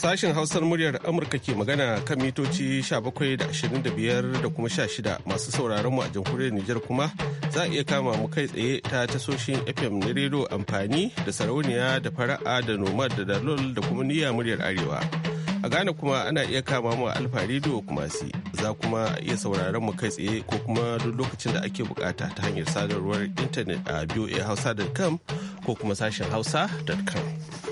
Sashen Hausar muryar Amurka ke magana kan mitoci bakwai da ashirin da kuma 16 masu sauraron mu a jamhuriyar Nijar kuma za a iya kama mu kai tsaye ta tasoshin FM na rediyo amfani da sarauniya da fara'a da nomad da dalol da kuma niyya muryar Arewa. A Ghana kuma ana iya kama mu Alfa rediyo kuma si za kuma iya sauraron mu kai tsaye ko kuma duk lokacin da ake bukata ta hanyar sadarwar intanet a voahausa.com ko kuma sashen hausa.com.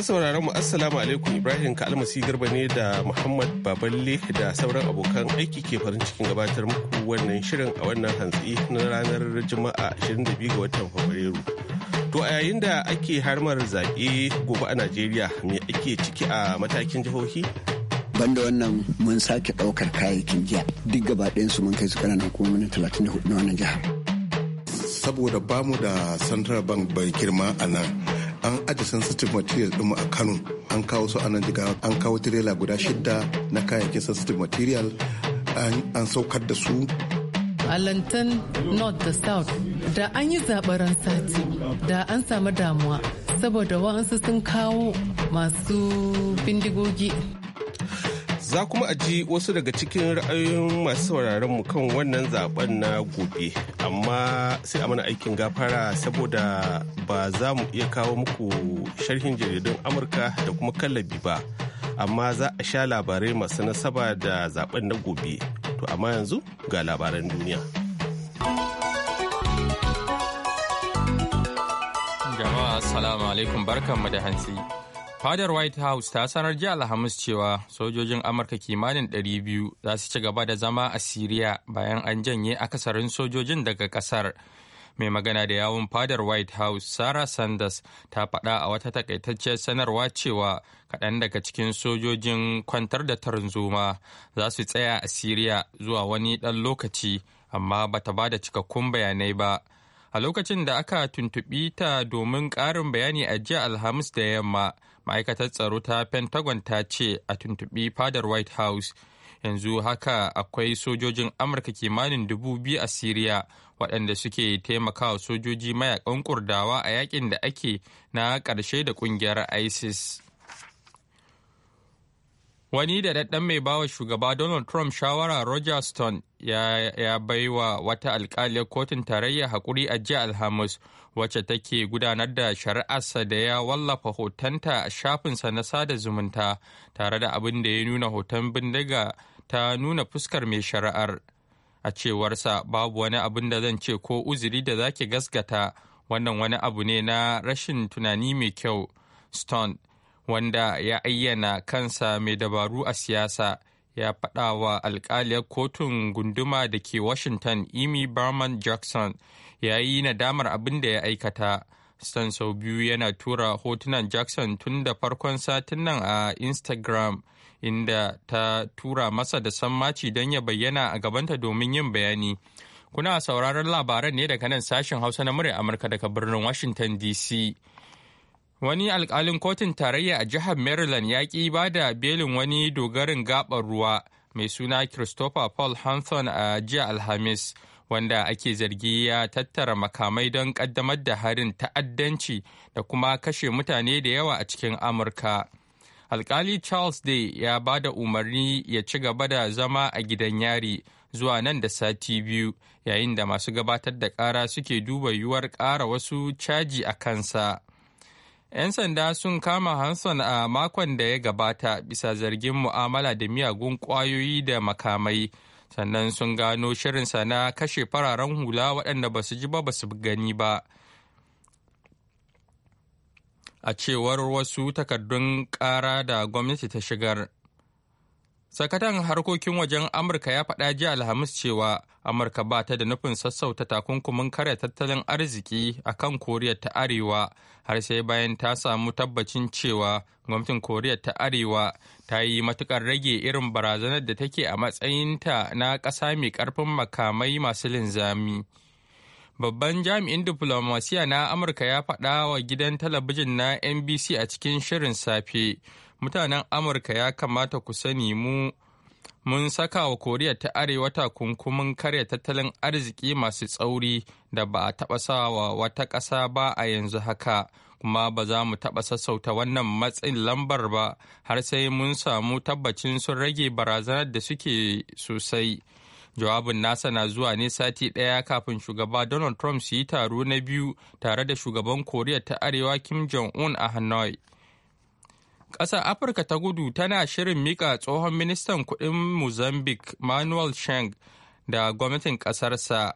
Masu sauraron mu Assalamu alaikum Ibrahim Kalmasi Garba ne da Muhammad Baballe da sauran abokan aiki ke farin cikin gabatar muku wannan shirin a wannan hantsi na ranar Juma'a 22 ga watan Fabrairu. To a yayin da ake harmar zaɓe gobe a Najeriya me ake ciki a matakin jihohi? banda wannan mun sake ɗaukar kayayyakin giya duk gaba su mun kai su kuma hukumomi 34 na wannan jihar. Saboda bamu da Central Bank bai girma a nan an aje sensitive material ɗin a kano an kawo su anan jiga an kawo tirela guda shidda na kayayyakin sensitive material an saukar da su a lantan north da south da an yi zabaran sati da an samu damuwa saboda wa'ansu sun kawo masu bindigogi za kuma a ji wasu daga cikin ra'ayoyin masu sauraron mu kan wannan zaben na gobe amma sai a mana aikin gafara saboda ba za mu iya kawo muku sharhin jaridun amurka da kuma kallabi ba amma za a sha labarai masu nasaba da zaben na gobe to amma yanzu ga labaran duniya jama'a assalamu alaikum barkanmu da hantsi Fadar White House ta sanar jiya Alhamis cewa sojojin Amurka kimanin 200 za su ci gaba da zama a Siriya bayan an janye akasarin sojojin daga kasar. Mai magana da yawun fadar White House Sarah Sanders ta faɗa a wata takaitacciyar sanarwa cewa kaɗan daga cikin sojojin kwantar da tarzoma za su tsaya a Siriya zuwa wani ɗan lokaci amma ba ta ba da cikakkun bayanai ba. A lokacin da aka tuntuɓi ta domin ƙarin bayani a jiya Alhamis da yamma. ma'aikatar tsaro ta pentagon ta ce a tuntuɓi fadar white house yanzu haka akwai sojojin amurka kimanin dubu biyu a siriya waɗanda suke taimakawa sojoji mayakan kurdawa a yakin da ake na ƙarshe da ƙungiyar isis Wani da daddan mai bawa shugaba Donald Trump shawara Roger Stone ya, ya baiwa wata alkaliyar kotun tarayya hakuri a jiya Alhamis wacce take gudanar da shari'arsa da ya wallafa hotonta a shafinsa na sada zumunta tare da abin da ya nuna hoton bindiga ta nuna fuskar mai shari'ar. A cewarsa babu wani abin da zan ce ko uzuri da zake gaskata wannan wani abu ne na rashin tunani mai kyau. Stone wanda ya ayyana kansa mai dabaru a siyasa ya faɗa wa alkaliyar kotun gunduma da ke washington emmy berman jackson ya yi nadamar abin da ya aikata stan sau biyu yana tura hotunan jackson tun da farkon satin nan a instagram inda ta tura masa da sammaci don ya bayyana a gabanta domin yin bayani kuna sauraron labaran ne daga nan sashen hausa na murya amurka daga birnin washington dc wani alƙalin kotun tarayya a jihar maryland ya ƙi ba da belin wani dogarin gabar ruwa mai suna christopher paul hanson a jiya alhamis wanda ake zargi ya tattara makamai don ƙaddamar da harin ta'addanci da kuma kashe mutane da yawa a cikin amurka alkali charles day ya ba da umarni ya ci gaba da zama a gidan yari zuwa nan da sati biyu yayin da masu gabatar da ƙara suke duba yiwuwar ƙara wasu caji a kansa. 'Yan sanda sun kama Hanson a makon da ya gabata bisa zargin mu'amala da miyagun kwayoyi da makamai, sannan sun gano shirin sana kashe fararen hula waɗanda ba su ji ba ba su gani ba. A cewar wasu takardun ƙara da gwamnati ta shigar. sakatan harkokin wajen amurka ya faɗa jiya alhamis cewa amurka ba ta da nufin sassauta takunkumin kare tattalin arziki a kan koriya ta arewa har sai bayan ta samu tabbacin cewa gwamnatin koriya ta arewa ta yi matukar rage irin barazanar da take a matsayinta na ƙasa mai ƙarfin makamai masu linzami babban jami'in diplomasiya na amurka ya faɗa wa gidan talabijin na nbc a cikin shirin safe mutanen amurka ya kamata ku sani mu mun saka wa koriya ta arewa takunkumin karya tattalin arziki masu tsauri da ba a taɓa sawa wata ƙasa ba a yanzu haka kuma ba za mu taɓa sassauta wannan matsin lambar ba har sai mun samu tabbacin sun rage barazanar da suke sosai jawabin nasa na zuwa ne sati ɗaya kafin shugaba donald trump su yi taro na biyu tare da shugaban koriya ta arewa kim jong-un a hanoi Ƙasar Afirka ta gudu tana shirin mika tsohon ministan kuɗin Mozambique Manuel Chang da gwamnatin ƙasarsa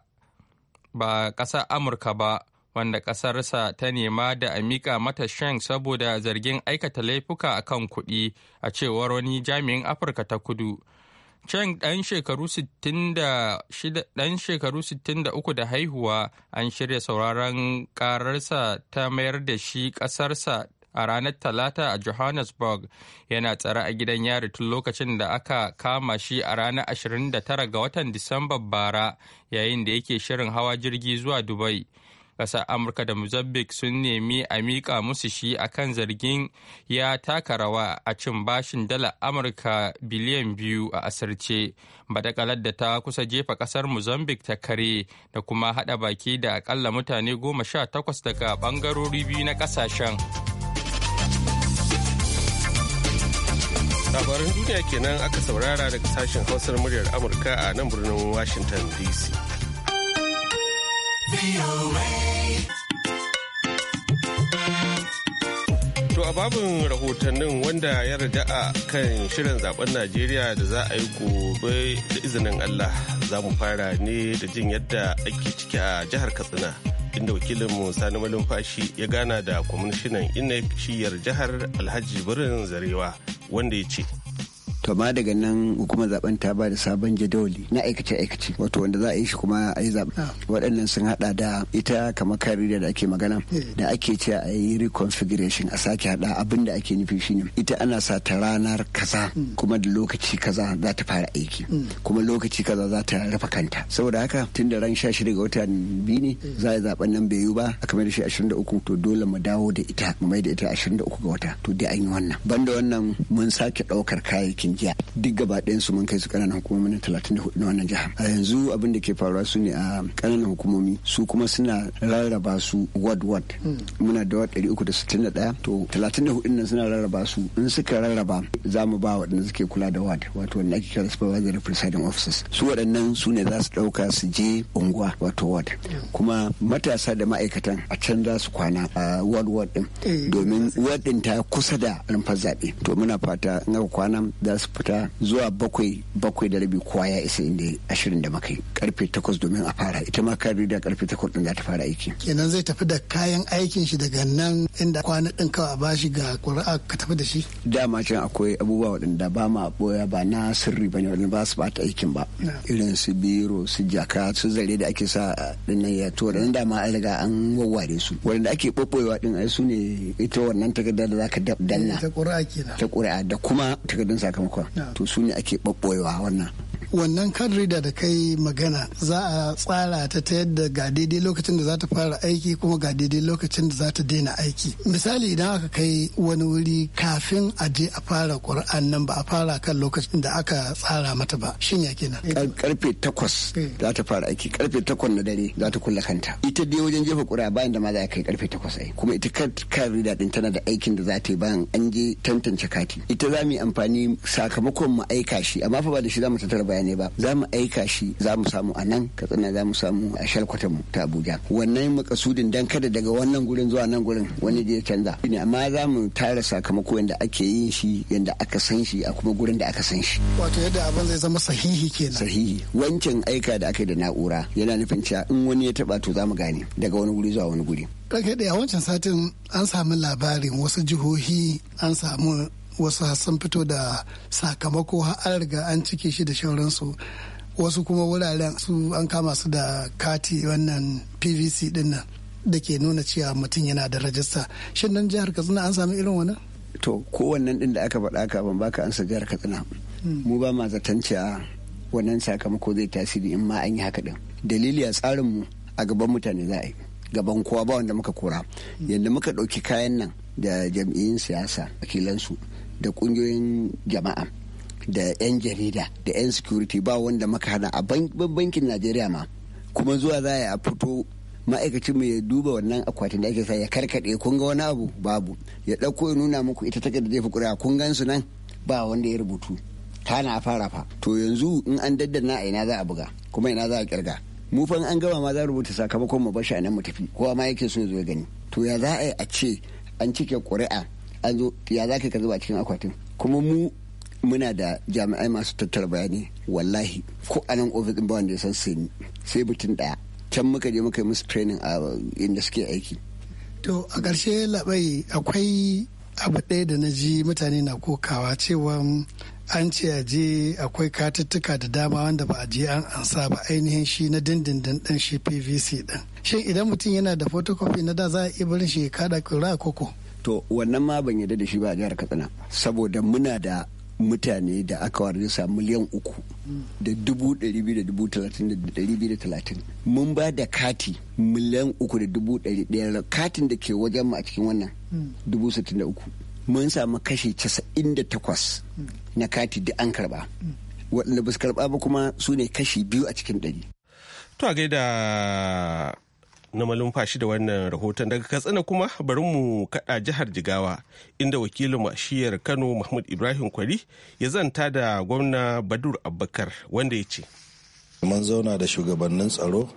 ba ƙasar Amurka ba, wanda ƙasarsa ta nema da a mika mata sheng saboda zargin aikata laifuka a kan kuɗi a cewar wani jami'in Afirka ta kudu. Cheng ɗan shekaru 63 da haihuwa an shirya sauraron ƙararsa ta mayar da shi ƙasarsa a ranar Talata a Johannesburg yana tsare a gidan yari tun lokacin da aka kama shi a ranar 29 ga watan Disamba bara yayin da yake shirin hawa jirgi zuwa Dubai. Ƙasar Amurka da Mozambique sun nemi a miƙa musu shi a kan zargin ya taka rawa a cin bashin dala Amurka biliyan biyu a asirce. Badakalar da ta kusa jefa ƙasar Mozambique ta kare da kuma haɗa baki da aƙalla mutane goma sha takwas daga ɓangarori biyu na ƙasashen. labaran duniya kenan aka saurara daga sashen hausar muryar amurka a nan birnin washington dc To a babin rahotannin wanda ya a kan shirin zaben Najeriya da za a yi gobe da izinin Allah za mu fara ne da jin yadda ake ciki a jihar Katsina inda wakilinmu Sani Malumfashi ya gana da kwamishinan INEC shiyar jihar Alhaji Birin Zarewa wanda ya ce to ma daga nan hukumar zaben ta ba da sabon jadawali na aikace aikace wato wanda za a yi shi kuma a yi zaben ah. waɗannan sun haɗa da ita kamar kariya da ake magana eh. da ake ce a yi reconfiguration a sake haɗa abin da ake nufi shi ne. ita ana sa ta ranar kaza hmm. kuma da lokaci kaza za ta fara aiki hmm. kuma lokaci kaza za ta rafa kanta saboda haka tun da ran shi daga wata biyu ne hmm. za a yi zaben nan bai yiwu ba a mai da shi uku. to dole mu dawo da ita mu mai da ita ashirin da uku ga wata to dai an yi wannan banda wannan mun sake ɗaukar kayayyakin jiya duk gaba ɗayan su mun kai su ƙananan hukumomi talatin da hudu na wannan jiha a yanzu abin da ke faruwa su ne a ƙananan hukumomi su kuma suna rarraba su ward ward muna da ward ɗari uku da sittin da ɗaya to talatin da hudu nan suna rarraba su in suka rarraba za mu ba waɗanda suke kula da ward wato wanda ake kira supervisory presiding officers su waɗannan su ne za su ɗauka su je unguwa wato ward kuma matasa da ma'aikatan a can za su kwana a ward ward ɗin eh. domin ward ɗin ta kusa da rumfar zaɓe to muna fata in aka kwana za su su fita zuwa bakwai bakwai da rabi kowa ya isa inda ashirin da makai karfe takwas domin a fara ita ma kan rida karfe takwas din za ta fara aiki kenan zai tafi da kayan aikin shi daga nan inda kwana din kawa ba shi ga kuri'a ka tafi da shi dama can akwai abubuwa waɗanda ba ma boya ba na sirri ba ne waɗanda ba su bata aikin ba irin su biro su jaka su zare da ake sa dinnan ya to waɗanda da an riga an wawware su waɗanda ake ɓoɓɓoyewa din ai su ne ita wannan takardar da za ka danna ta ƙuri'a kenan ta ƙuri'a da kuma sakamako bakwai to su ne ake ɓaɓɓoyewa wannan wannan kan rida da kai magana za a tsara ta ta yadda ga daidai lokacin da za ta fara aiki kuma ga daidai lokacin da za ta daina aiki misali idan aka kai wani wuri kafin a je a fara ƙur'an nan ba a fara kan lokacin da aka tsara mata ba shin ya kenan karfe takwas eh. za ta fara aiki karfe takwas na dare za ta kulle kanta ita dai wajen jefa ƙura bayan da ma za a kai karfe takwas ai kuma ita kan rida din tana da aikin da za ta yi bayan an je tantance kati ita za mu yi amfani sakamakon mu aika shi amma fa ba da shi za mu tattara bayan mutane ba za mu aika shi za mu samu a nan katsina za mu samu a shalkwata mu ta abuja wannan makasudin dan kada daga wannan gurin zuwa nan gurin wani je canza ne amma za mu tara sakamako yadda ake yin shi yadda aka san shi a kuma gurin da aka san shi wato yadda abin zai zama sahihi kenan sahihi wancan aika da aka yi da na'ura yana nufin cewa in wani ya taba to za mu gane daga wani guri zuwa wani guri ɗauke da wancan satin an samu labarin wasu jihohi an samu wasu sun fito da sakamako har riga an cike shi da shauransu wasu kuma wuraren su an kama su da kati wannan pvc dinnan da ke nuna cewa mutum yana da rajista shin nan jihar katsina an sami irin wani. to wannan din da aka faɗa ban baka ansa jihar katsina hmm. mu ba ma zaton cewa wannan sakamako zai tasiri in ma an yi haka din dalili a tsarin mu a gaban mutane za yi gaban kowa ba wanda muka kora hmm. yadda muka ɗauki kayan nan da jam'iyyun siyasa wakilansu da kungiyoyin jama'a da 'yan jarida da 'yan security ba wanda maka hada a bankin najeriya ma kuma zuwa za a fito ma'aikacin mu ya duba wannan akwatin da ake sa ya karkade kun ga wani abu babu ya ɗauko ya nuna muku ita take da zai fi kuri'a. kun gan su nan ba wanda ya rubutu tana fara fa to yanzu in an daddana a ina za a buga kuma ina za a kirga mu fa an gama ma za a rubuta sakamakon mu bashi a nan mu tafi kowa ma yake so ya zo ya gani to ya za a yi a ce an cike ƙuri'a an zo ya za ka zuba cikin akwatin kuma mu muna da jami'ai masu tattara bayani wallahi ko a nan ofis ba wanda ya san sai sai mutum daya can muka je muka yi musu training a inda suke aiki to a ƙarshe labai akwai abu ɗaya da na ji mutane na kokawa cewa an ce a je akwai katuttuka da dama wanda ba a je an ansa ba ainihin shi na dindindin ɗan shi pvc ɗin shin idan mutum yana da photocopy na da za a iya barin shi ya kada kura koko to wannan ma ban yarda da shi ba a jihar katsina saboda muna da mutane da aka warisa miliyan uku da dubu ɗari biyu da dubu talatin da ɗari biyu da talatin mun ba da kati miliyan uku da dubu ɗari ɗaya katin da ke wajen mu a cikin wannan dubu sittin da uku mun samu kashi casa'in da takwas na kati da an karba waɗanda ba su karba ba kuma su ne kashi biyu a cikin ɗari. to a gaida na malumfashi da wannan rahoton daga katsina kuma bari mu kada jihar jigawa inda wakilin mashiyar kano mahmud ibrahim kwari ya zanta da gwamna badur abubakar wanda ya ce mun zauna da shugabannin tsaro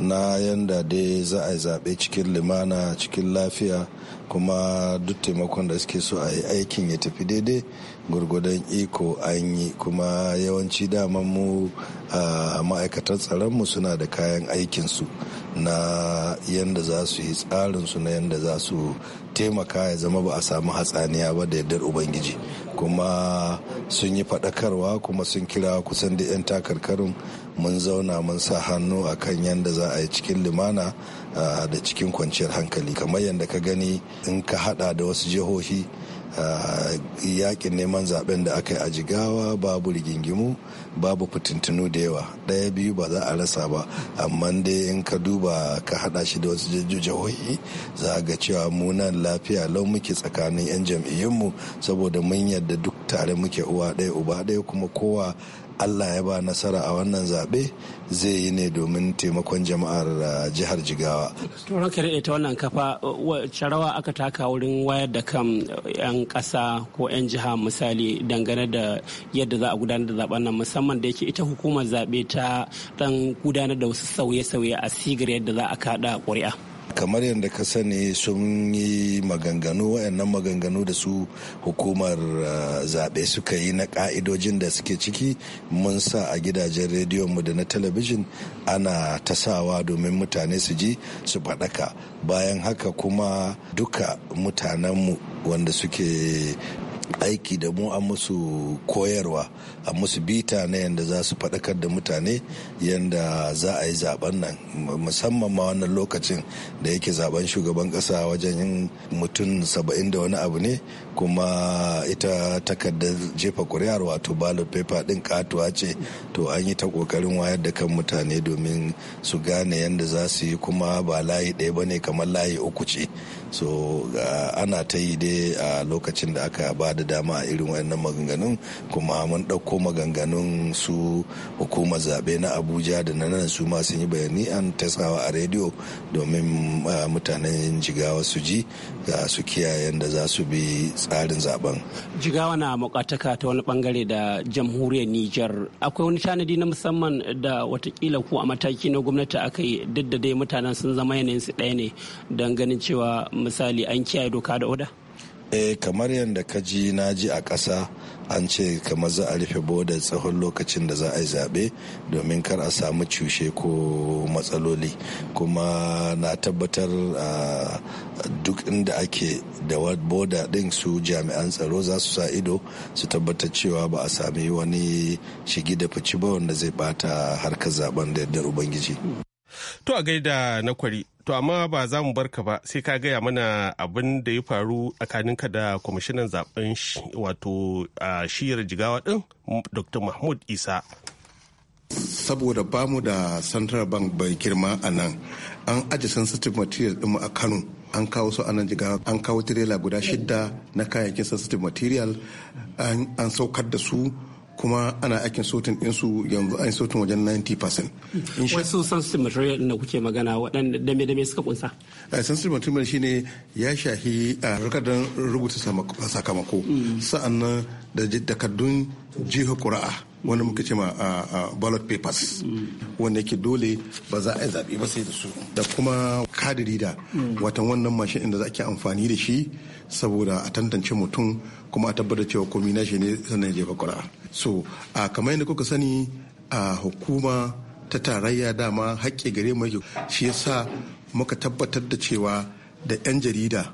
na yanda dai za a zaɓe cikin limana cikin lafiya kuma duk taimakon da suke so a yi aikin ya tafi daidai gurgudan iko an yi kuma yawanci daman mu a ma'aikatan mu suna da kayan aikin su na yadda za su yi tsarinsu na yadda za su taimaka ya zama ba a samu hatsaniya ba da yardar ubangiji kuma sun yi faɗakarwa kuma sun kira kusan da 'yan takarkarin mun zauna mun sa hannu a kan yadda za a yi cikin limana da cikin kwanciyar hankali kamar yadda ka gani in ka hada da wasu jihohi yakin neman zaben da aka yi a jigawa babu rigingimu babu fitintinu da yawa ɗaya biyu ba za a rasa ba amma dai in ka duba ka haɗa shi da wasu jihohi za ga cewa mu nan lafiya lau muke tsakanin 'yan jam'iyyunmu saboda mun yadda duk tare muke uwa ɗaya uba ɗaya kuma kowa allah ya ba nasara a wannan zaɓe zai yi ne domin taimakon jama'ar uh, jihar jigawa to ka daɗe ta wannan kafa sharawa rawa aka taka wurin wayar da kan 'yan uh, ƙasa ko 'yan jiha misali dangane da yadda za a gudanar da zaben nan musamman da yake ita hukumar zaɓe ta ɗan gudanar da wasu sauye-sauye a sigar yadda za a kaɗa ƙuri'a kamar yadda ka sani sun yi maganganu waɗannan maganganu da su hukumar eh, zaɓe suka yi na ƙa'idojin da suke ciki mun sa a gidajen rediyonmu da na talabijin ana tasawa domin mutane su ji su faɗaka bayan haka kuma duka mutanenmu wanda suke aiki da mu an musu koyarwa a musu bita na yadda za su faɗakar da mutane yadda za a yi zaben nan musamman ma wannan lokacin da yake zaben shugaban ƙasa wajen yin mutum saba'in da wani abu ne kuma ita takardar jefa ƙuri'ar wato ballot paper ɗin katuwa ce to an yi ta ƙoƙarin wayar da kan mutane domin su gane yadda za su yi kuma ba layi ɗaya ba ne kamar layi uku ce so ana ta yi dai a lokacin da aka ba da dama a irin wayannan maganganun kuma mun ɗauko maganganun su hukumar zaɓe na abuja da na nan su ma yi bayani an tasawa a rediyo domin mutanen jigawa su ji ga su kiyayen da za su bi tsarin zaben jigawa na mukataka ta wani bangare da jamhuriyar niger akwai wani tanadi na musamman da watakila ko a mataki na gwamnati aka yi duk da dai mutanen sun zama yanayin su ɗaya ne don ganin cewa misali an kiyaye doka da oda eh kamar yadda ka ji na ji a ƙasa an ce kamar za a rufe boda tsawon lokacin da za a yi zaɓe domin kar a samu cushe ko matsaloli kuma na tabbatar duk inda ake da boda ɗin su jami'an tsaro za su sa ido su tabbatar cewa ba a sami wani shigi da fici ba wanda zai bata harkar zaben da yadda ubangiji To a gaida na kwari To amma ba za mu bar ka ba sai ka gaya mana abin da ya faru tsakanin ka da kwamishinan zaben wato a shiyar jigawa din Dr. Mahmud Isa. Saboda bamu da Central Bank bai girma a nan, an aji sensitive material ɗinmu a Kano. an kawo su anan jigawa an kawo tirela guda shidda na kayayyakin sensitive material an saukar da su kuma ana aikin sautin ɗinsu yanzu an sotin wajen 90%. percent. Wasu sensitive material da kuke magana waɗanda dame-dame suka kunsa? Eh, sensitive material ne ya shahi a eh, rikadar rubuta sakamako hmm. sa'annan da takardun jiha ƙura'a. wanda muka ce ma eh, ballot papers hmm. wanda yake dole ba za a yi zaɓe ba sai da su da kuma kadiri da hmm. watan wannan mashin da za a ke amfani da shi saboda a tantance mutum kuma a tabbatar cewa komi na shi ne sannan jefa ƙuri'a so a kamar yadda kuka sani a hukuma ta tarayya dama haƙƙi gare mu shi yasa muka tabbatar da cewa da 'yan jarida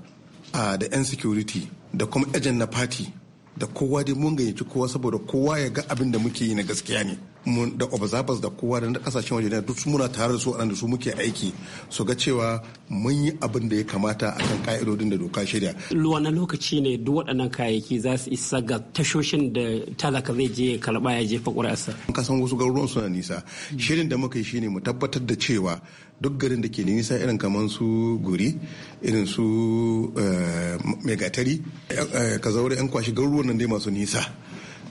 da 'yan security da kuma ejen na party da kowa dai mun gayyaci kowa saboda kowa ya ga abin da muke yi na gaskiya ne da observers da kowa da kasashen waje da duk muna tare da su a da su muke aiki su ga cewa mun yi abin da ya kamata a kan ka'idodin da doka shirya. na lokaci ne duk waɗannan kayayyaki za su isa ga tashoshin da talaka zai je karɓa ya jefa ƙuri'arsa. An kasan wasu garuruwan suna nisa. Shirin da muka yi shine mu tabbatar da cewa duk garin da ke da nisa irin kamar su guri irin su eh, megatari eh, eh, Ka zaure 'yan kwashi garuruwan nan dai masu nisa.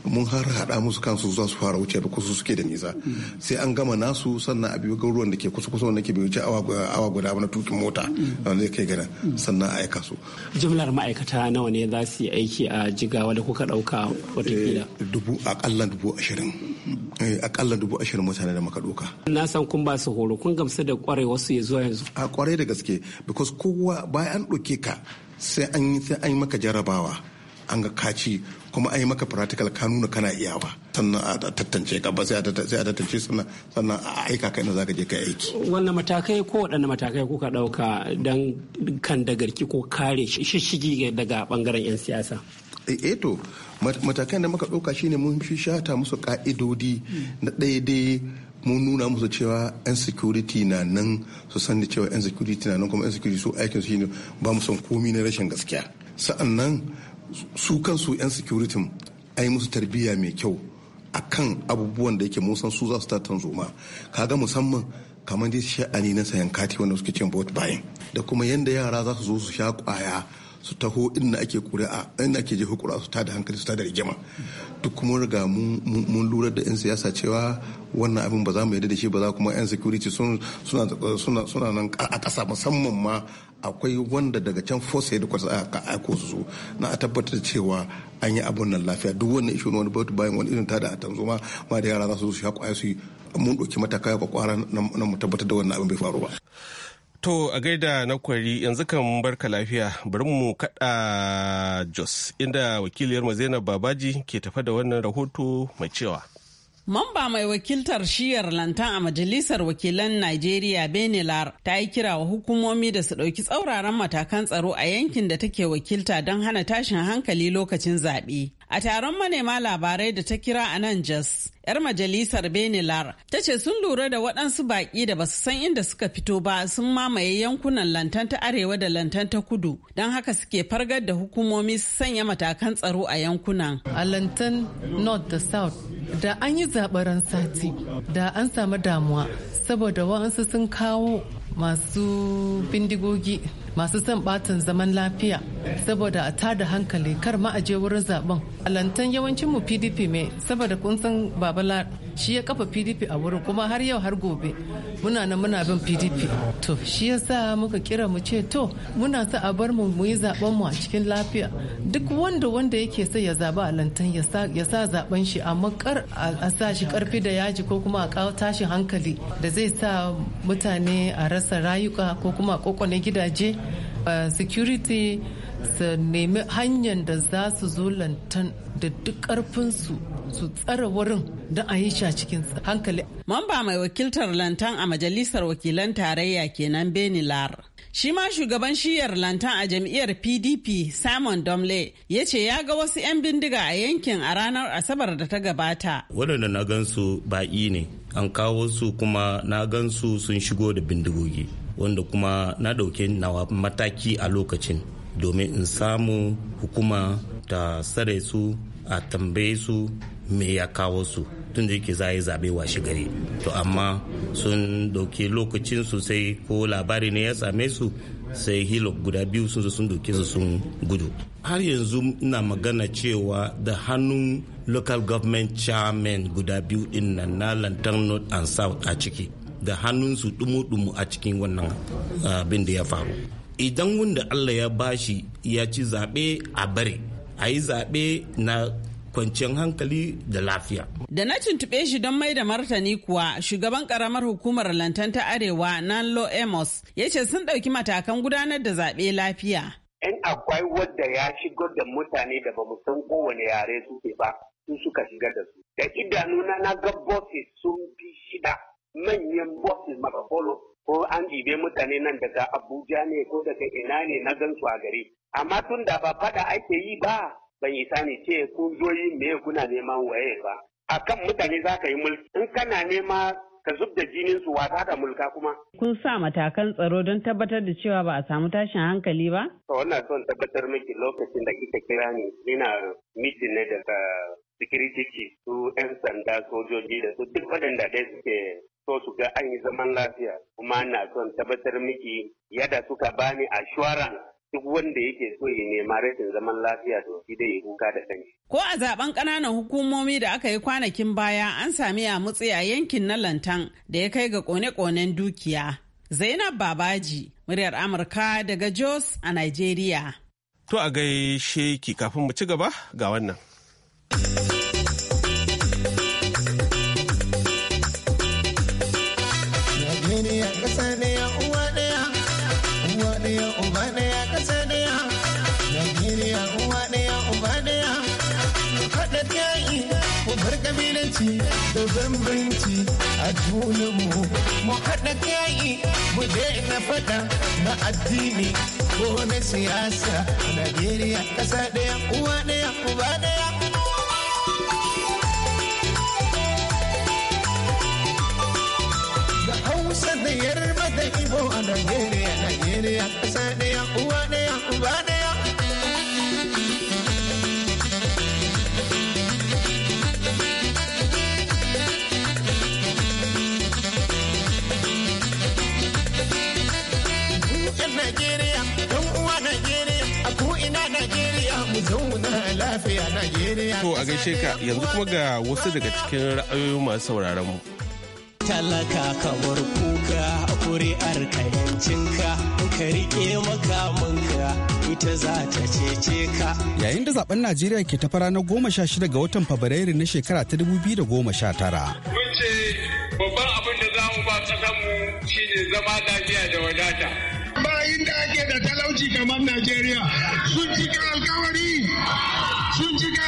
mun har haɗa musu kansu za su fara wuce da kusa suke da nisa sai an gama nasu sannan a biyu garuruwan da ke kusa kusa wanda ke bai wuce awa guda na tukin mota wanda zai kai gana sannan a aika su jumlar ma'aikata nawa ne za su yi aiki a jigawa da kuka ɗauka watakila eh, dubu aƙalla dubu ashirin eh, aƙalla dubu ashirin mutane da maka ɗauka na san kun ba su horo kun gamsu da kwarai wasu ya zuwa yanzu a kwarai da gaske because kowa bayan ɗauke ka sai an yi maka jarabawa an ga kaci kuma a yi maka practical ka nuna kana iya ba sannan a tattance ka ba sai a tattance sannan sannan a aika ka inda zaka je ka aiki wannan matakai ko waɗanne matakai kuka ɗauka don kan dagarki ko kare shishigi daga bangaren 'yan siyasa eh, eh to matakan da muka ɗauka shine mun fi shata musu ka'idodi na daidai mun nuna musu cewa 'yan security na nan su san da cewa 'yan security na nan kuma 'yan security su aikin su shine ba mu son komi na rashin gaskiya sa'annan su kansu 'yan security a yi musu tarbiyya mai kyau a kan abubuwan da yake musan su za su ta ma kaga musamman kamar dai sha'ani na sayan kati wanda suke cin vote buying da kuma yanda yara za su zo su sha kwaya su taho inda ake kuri'a inda ake jefa kuri'a su da hankali su ta da rigima duk kuma riga mun lura da 'yan siyasa cewa wannan abin ba za mu yadda da shi ba za kuma yan security suna nan a ƙasa musamman ma akwai wanda daga can force headquarters aka aiko su na a tabbatar cewa an yi abun nan lafiya duk wani ishu wani bautu bayan wani irin tada a tanzu ma da yara za su shaku a su mun ɗauki mataka ya kwakwara na mu tabbatar da wannan abin bai faru ba. To a gaida na kwari yanzu kan barka lafiya bari mu kaɗa Jos inda wakiliyar Zainab Babaji ke tafa da wannan rahoto mai cewa. Mamba mai wakiltar shiyar lantan a Majalisar Wakilan Najeriya Benelar ta yi kira wa hukumomi da su ɗauki tsauraran matakan tsaro a yankin da take wakilta don hana tashin hankali lokacin zaɓe. A taron manema labarai da ta kira a nan Jos, 'yar majalisar Benilar ta ce sun lura da waɗansu baƙi da basu san inda suka fito ba sun mamaye yankunan lantan ta arewa da lantan ta kudu don haka suke fargar da hukumomi su sanya matakan tsaro a yankunan. A lantan North da South da an yi zaɓaran sati da an samu damuwa saboda wa'ansu sun kawo masu bindigogi masu son batin zaman lafiya saboda a tada hankali kar ma a wurin zaben alantan yawancin mu pdp mai saboda kun san babala shi ya kafa pdp a wurin kuma har yau har gobe muna nan muna bin pdp to shi ya sa muka kira mu ce to muna sa a bar mu mu yi zaben mu a cikin lafiya duk wanda wanda yake sai ya zaba alantan ya sa zaben shi amma kar a sa shi karfi da yaji ko kuma a kawo tashin hankali da zai sa mutane a rasa rayuka ko kuma a gidaje Uh, security su nemi hanyar da za su zo lantan da duk ƙarfinsu su tsara wurin don a yi shi a cikin hankali. Mamba mai wakiltar lantan a majalisar wakilan tarayya kenan Benilar. Shi ma shugaban shiyar lantan a jam'iyyar PDP Simon Domle ya ce ya ga wasu 'yan bindiga a yankin a ranar Asabar da ta gabata. Waɗanda na gansu baƙi ne, an kawo su kuma na gansu sun shigo da bindigogi. wanda kuma na ɗauke nawa mataki a lokacin domin in samu hukuma ta sare su a tambaye su me ya kawo su tun da yake za a yi zaɓe washe gari to amma sun ɗauki lokacin sosai ko labari ne ya same su sai hilo guda biyu sun sun doke su sun gudu har yanzu ina magana cewa da hannun local government chairman guda biyu din nan na lantern north and south a ciki da hannunsu dumu-dumu a cikin wannan ah, abin da ya faru idan wanda allah ya bashi ya ci zaɓe a bare a yi zaɓe na kwanciyar hankali da lafiya. Da na tuntuɓe shi don mai da martani kuwa shugaban karamar hukumar lantan ta arewa Nanlo Amos ya ce sun ɗauki matakan gudanar da zaɓe lafiya. In akwai wadda ya shigar da mutane da bamu san kowane yare suke ba, sun suka shiga da su. Da idanuna na ga sun bi shida manyan bosses ba follow ko an ɗibe mutane nan daga Abuja ne ko daga ina ne na gansu a gari. Amma tun da ba faɗa ake yi ba ban yi sani ce kun zo yi me kuna neman waye ba. A kan mutane za ka yi mulki in kana nema ka zub da jinin su wata da mulka kuma. Kun sa matakan tsaro don tabbatar da cewa ba a samu tashin hankali ba? To wannan son tabbatar miki lokacin da kika kira ni ina mitin ne daga security chief su 'yan sanda sojoji da su duk waɗanda dai suke so su ga an yi zaman lafiya kuma na son tabbatar miki yadda suka bani ashwaran duk wanda yake so ya nema rashin zaman lafiya to shi dai kuka da kanshi. Ko a zaben ƙananan hukumomi da aka yi kwanakin baya an sami a mutsi a yankin na Lantan da ya kai ga kone-konen dukiya. Zainab Babaji, muryar Amurka daga Jos a Nigeria. To a gaishe ki kafin mu ci gaba ga wannan. ɗaya uba ɗaya ƙasa ɗaya Najeriya uwa ɗaya uba ɗaya ku faɗa ƙabilanci da bambanci a junanmu mu haɗa yaƙi mu daina faɗa na addini ko na siyasa Najeriya ƙasa ɗaya uwa ɗaya uba ɗaya Hausa da yar To a gaishe ka yanzu kuma ga wasu daga cikin ra'ayoyin masu sauraron mu. Talaka kamar kuka kuri'ar kayancinka ka rike makamanka ita za ta cece ka. Yayin da zaben Najeriya ke ta fara na goma sha shida ga watan Fabrairu na shekara ta dubu biyu da goma sha tara. Mun ce babban abin da za mu ba shi ne zama lafiya da wadata. Bayan da ake da talauci kamar Najeriya sun cika alkawari. sun cika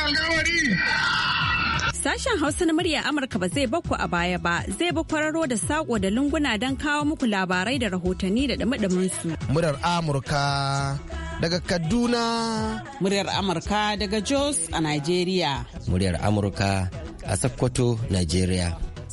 Sashen Hausa na murya Amurka ba zai baku a baya ba zai ba kwararo da saƙo da lunguna don kawo muku labarai da rahotanni da dumi su. Murar Amurka daga Kaduna. Muryar Amurka daga Jos a Najeriya. Muryar Amurka a Sokoto, Najeriya.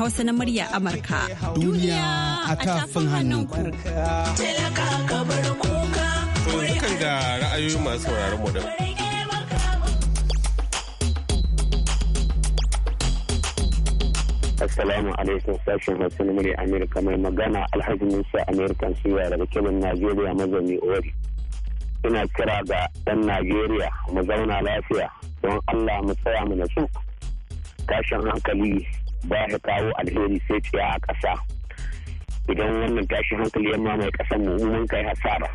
Hausa na murya Amurka. Duniya a tafin hannunku. To ga ra'ayoyin masu sauraron mu da Assalamu alaikum sashen Hausa na murya Amurka mai magana Alhaji Musa American Suya daga Kebin Najeriya mazauni Ori. Ina kira ga ɗan Najeriya mu zauna lafiya don Allah mu tsaya mu nasu tashin hankali ba ya kawo alheri sai ce a ƙasa idan wannan tashi hankali ya mamaye ƙasar mu mun kai hasara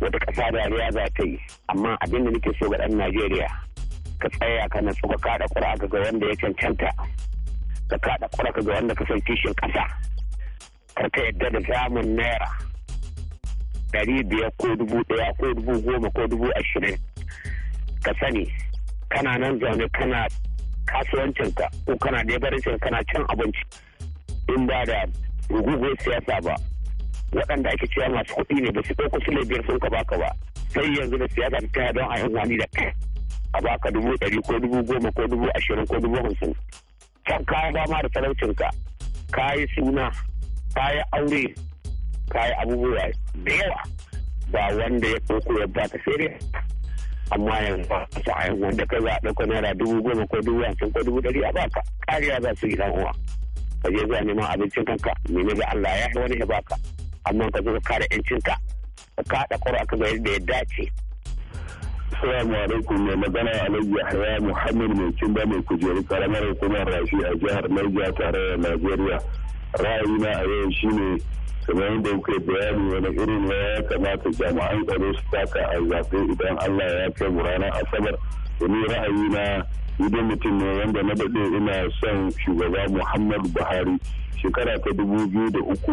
wata ƙasa dariya za ta yi amma abin da nake so ga ɗan najeriya ka tsaya ka natsu ka kaɗa ƙura ka ga wanda ya cancanta ka kaɗa ƙura ka ga wanda ka san kishin ƙasa kar ka yadda da zamun naira ɗari biyar ko dubu ɗaya ko dubu goma ko dubu ashirin ka sani kana nan zaune kana kasuwancinka ko kana lebarancin kana cin abinci in ba da guguwar siyasa ba waɗanda ake cewa masu kuɗi ne ba su ɗauko su biyar sun ka baka ba sai yanzu da siyasa ta yi don a yin wani da a baka dubu ɗari ko dubu goma ko dubu ashirin ko dubu hamsin can kayan dama da talaucinka ka yi suna ka yi aure ka yi abubuwa da yawa ba wanda ya koko ya baka sai dai amma yanzu ba su a wanda ka za a ɗauka naira dubu goma ko dubu hamsin ko dubu ɗari a baka kariya za su yi ɗan uwa ka je zuwa neman abincin kanka nemi da Allah ya yi wani ya baka amma ka zo ka kare ƴancinka ka kaɗa ƙura ka ga yadda ya dace. Assalamu alaikum mai magana Alhaji Yahaya Muhammad mai kimba mai kujeru karamar hukumar rashi a jihar Niger tare da Najeriya. Ra'ayina a yau shine kamar yadda kuke bayani wani irin ya kamata jami'an tsaro su taka a zaɓe idan Allah ya kai mu ranar asabar domin ra'ayi na idan mutum ne wanda na daɗe ina son shugaba Muhammadu Buhari shekara ta dubu biyu da uku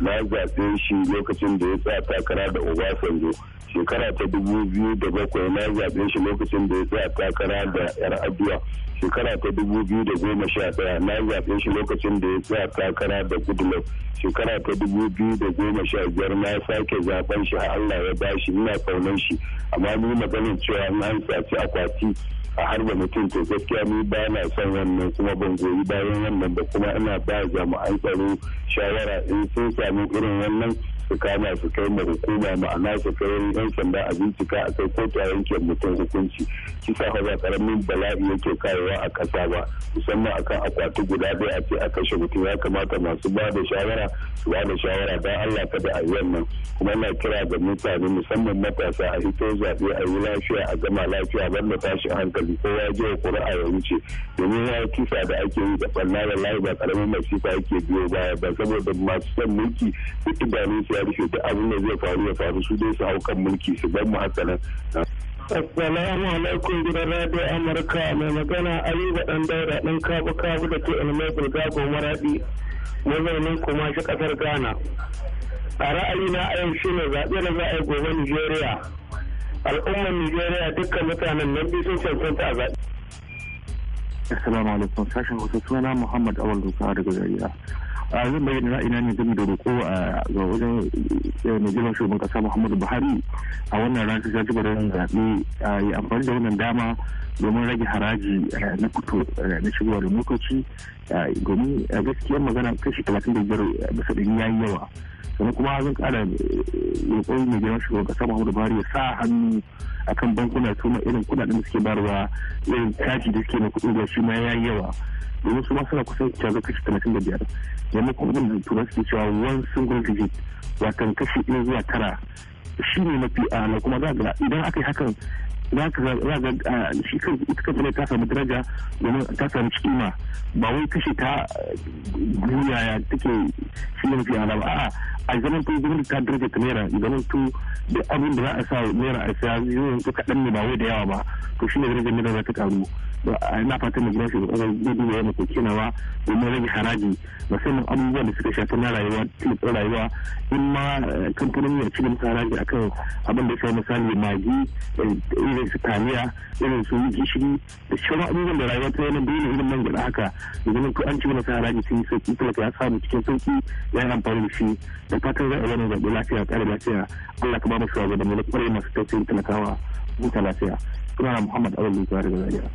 na zaɓe shi lokacin da ya tsaya takara da obasanjo shekara ta dubu biyu da bakwai na zaɓe shi lokacin da ya tsaya takara da yar abuwa shekara ta dubu biyu da goma sha ɗaya na zaɓe shi lokacin da ya tsaya takara da goodluck shekara ta dubu biyu da goma sha biyar na sake zaben shi a Allah ya ba shi ina faunan shi amma ni maganin cewa na an saci akwati a harba mutum to gaskiya ni ba na son wannan kuma ban goyi bayan wannan ba kuma ina ba jami'an tsaro shawara in sun sami irin wannan su kama su kai ma hukuma ma'ana su kai yan sanda a bincika a kai kotu a yanke mutum hukunci shi sa ba karamin bala'i yake kayawa a ƙasa ba musamman akan akwati guda biyu a ce a kashe mutum ya kamata masu ba da shawara su ba da shawara don Allah kada da yi nan kuma na kira ga mutane musamman matasa a hito zaɓe a yi lafiya a gama lafiya banda tashi hankali ko ya je ƙuri'a ya wuce domin ya kisa da ake yi da ɓanna da layi ba karamin masifa yake biyo baya ba saboda masu son mulki duk idanun su ya rufe duk abin da zai faru ya faru su dai su hau kan mulki su ban mu haka nan. Assalamu alaikum gidan Radio Amurka mai magana Ayuba ɗan daura ɗan kabu kabu da ke ilmai goma maraɗi mazaunin kuma shi ƙasar Ghana. A ra'ayina a yau shine zaɓe da za a yi gobe Nijeriya. Al'ummar Nijeriya dukkan mutanen nan biyu sun cancanta a zaɓe. Assalamu alaikum sashen wasu suna Muhammad Awal Duka daga Zaria. a zan bayyana ra'ayina ne game da roƙo ga wajen eh, mai jiran shugaban kasa muhammadu buhari a wannan ranar ta jibar ran zaɓe a yi amfani da wannan dama domin rage haraji eh, na fito eh, na da mokoci domin a gaskiyar magana kashi talatin da biyar bisa ɗari ya yi yawa sannan kuma zan ƙara eh, roƙon mai girma shugaban ƙasa muhammadu buhari ya sa hannu akan bankuna su ma irin kuɗaɗen da suke barwa irin caji da suke na kuɗin da shi ma ya yi yawa domin su ma suna kusan cazo kashi talatin da biyar yamma kuma da tura suke cewa one single digit wakan kashi ɗaya zuwa tara shi ne mafi ala kuma za ga idan aka yi hakan za ah, shi kan ita kan ta samu daraja domin ta samu kima ba wai kashe ta duniya ah, ya take shi ne fiye ba a a zaman to zaman ta daraja ta naira zaman to da abin da za a sa naira a saya yawan to kaɗan ne ba wai da yawa ba to shi ne darajar naira za ta karu ina fatan da shi da ƙasar zai duba yana kokenawa domin rage haraji musamman abubuwan da suka shafi na rayuwa tilifin rayuwa in ma eh, kamfanin ya cire musu haraji akan abin da ya sa misali magi eh, eh, irin su taliya irin su gishiri da sauran abubuwan da rayuwa ta yana dole irin man gyaɗa haka da zama ko an ci mana sahara ne sun yi sauki kuma ya samu cikin sauki ya yi amfani da shi da fatan za a wani zaɓi lafiya ƙara lafiya Allah ka ba mu shawarar da mu ƙwarai masu tausayin talakawa ta lafiya. Sunana Muhammad Abdul Bukhari da Zariya.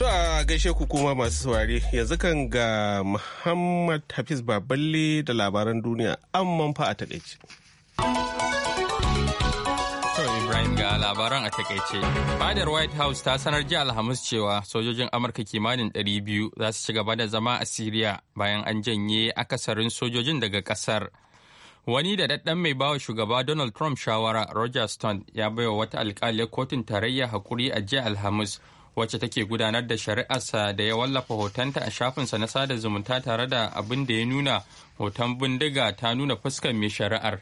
To a gaishe ku kuma masu saurari yanzu kan ga Muhammad Hafiz Baballe da labaran duniya amman fa a you Ibrahim ga labaran a takaice. Fadar White House ta sanar jiya Alhamis cewa sojojin Amurka kimanin 200 za su ci gaba da zama a Siriya bayan an janye akasarin sojojin daga kasar. Wani da daddan mai bawa shugaba Donald Trump shawara Roger Stone ya baiwa wata alkalin kotun tarayya hakuri a jiya Alhamis wacce take gudanar da shari'arsa da ya wallafa hotonta a shafinsa na sada zumunta tare da abin da ya nuna hoton bindiga ta nuna fuskar mai shari'ar.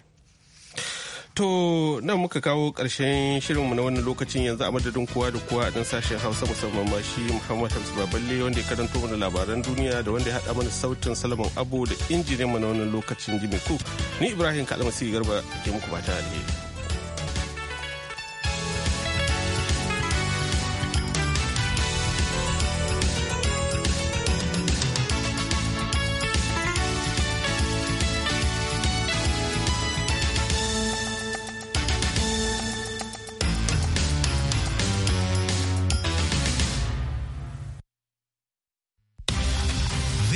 To nan muka kawo ƙarshen shirinmu na wannan lokacin yanzu a madadin kowa da kowa a ɗan sashen Hausa musamman ma shi Muhammad Hamsu Baballe wanda ya karanto mana labaran duniya da wanda ya haɗa mana sautin Salaman Abu da mu na wannan lokacin Jimmy Cook. Ni Ibrahim kalamasi Garba ke muku ba ta alheri.